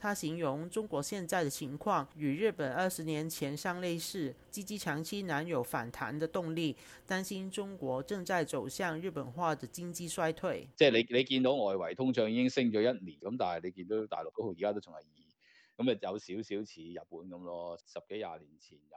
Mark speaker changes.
Speaker 1: 他形容中國現在的情況與日本二十年前相類似，經濟長期難有反彈的動力，擔心中國正在走向日本化的經濟衰退。
Speaker 2: 即係你,你見到外圍通脹已經
Speaker 3: 升咗一年，咁但係你見到大陸嗰度而家都仲係二，咁有少少似日本咁咯，十幾廿年前有